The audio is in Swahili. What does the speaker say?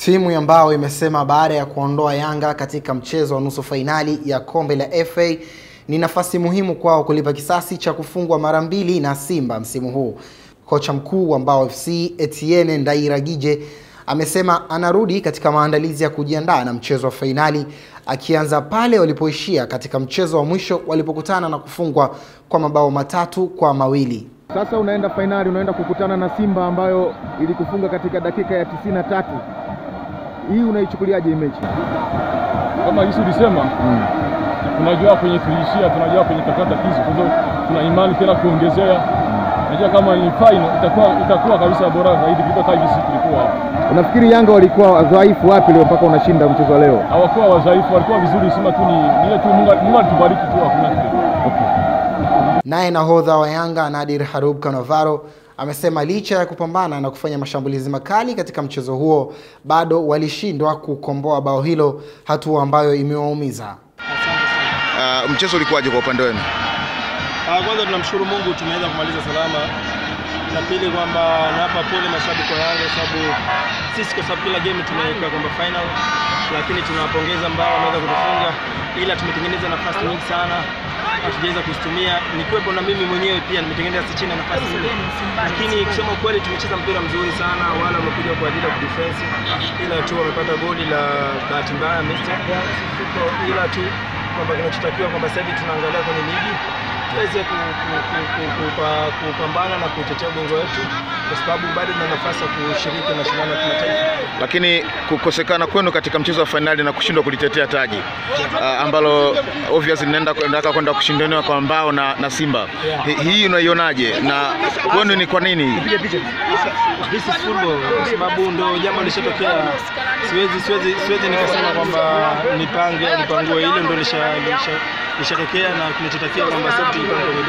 Timu ya Mbao imesema baada ya kuondoa Yanga katika mchezo wa nusu fainali ya kombe la FA ni nafasi muhimu kwao kulipa kisasi cha kufungwa mara mbili na Simba msimu huu. Kocha mkuu wa Mbao FC Etienne Ndairagije amesema anarudi katika maandalizi ya kujiandaa na mchezo wa fainali akianza pale walipoishia katika mchezo wa mwisho walipokutana na kufungwa kwa mabao matatu kwa mawili. Sasa unaenda fainali, unaenda kukutana na Simba ambayo ilikufunga katika dakika ya tisini na tatu hii unaichukuliaje mechi? Kama Yesu ulisema mm. tunajua kwenye tuliishia, tunajua kwenye takata kisu, kwa sababu tuna imani tena kuongezea najua kama ni final itakuwa itakuwa kabisa bora zaidi kuliko hata hivi tulikuwa. Unafikiri Yanga walikuwa wadhaifu wapi leo mpaka unashinda mchezo leo? Hawakuwa wadhaifu, walikuwa vizuri, sema tu ni ile tu Mungu Mungu alitubariki tu, hakuna kitu. Okay. Naye nahodha wa Yanga Nadir Harub Kanovaro amesema licha ya kupambana na kufanya mashambulizi makali katika mchezo huo bado walishindwa kukomboa bao hilo, hatua ambayo imewaumiza. Uh, mchezo ulikuwaje kwa upande wenu? Uh, kwanza tunamshukuru Mungu tumeweza kumaliza salama, na pili kwamba nawapa pole mashabiki wa Yanga sababu sisi kwa sababu kila game tunaweka kwamba final, lakini tunawapongeza ambao wameweza kutufunga, ila tumetengeneza nafasi nyingi sana hatujaweza kuzitumia, nikiwepo na mimi mwenyewe pia nimetengeneza Sechina nafasi nyingi, lakini kusema kweli tumecheza mpira mzuri sana, wala wamekuja kwa ajili ya kudifensi, ila tu wamepata goli la bahati mbaya, ila tu kwamba kinachotakiwa kwamba sasa hivi tunaangalia kwenye ligi tuweze kupambana na kutetea ubingwa wetu, kwa sababu bado na nafasi ya kushiriki mashindano ya kimataifa. Lakini kukosekana kwenu katika mchezo wa fainali na kushindwa kulitetea taji uh, ambalo obviously linaenda kwenda kushindaniwa kwa mbao na, na Simba yeah. Hii unaionaje na kwenu ni kwa nini? This is football, kwa sababu ndo jambo lishatokea. Siwezi, siwezi, siwezi nikasema kwamba nipange nipangue, ile ndo lishatokea na kinachotakiwa kwamba 机动力。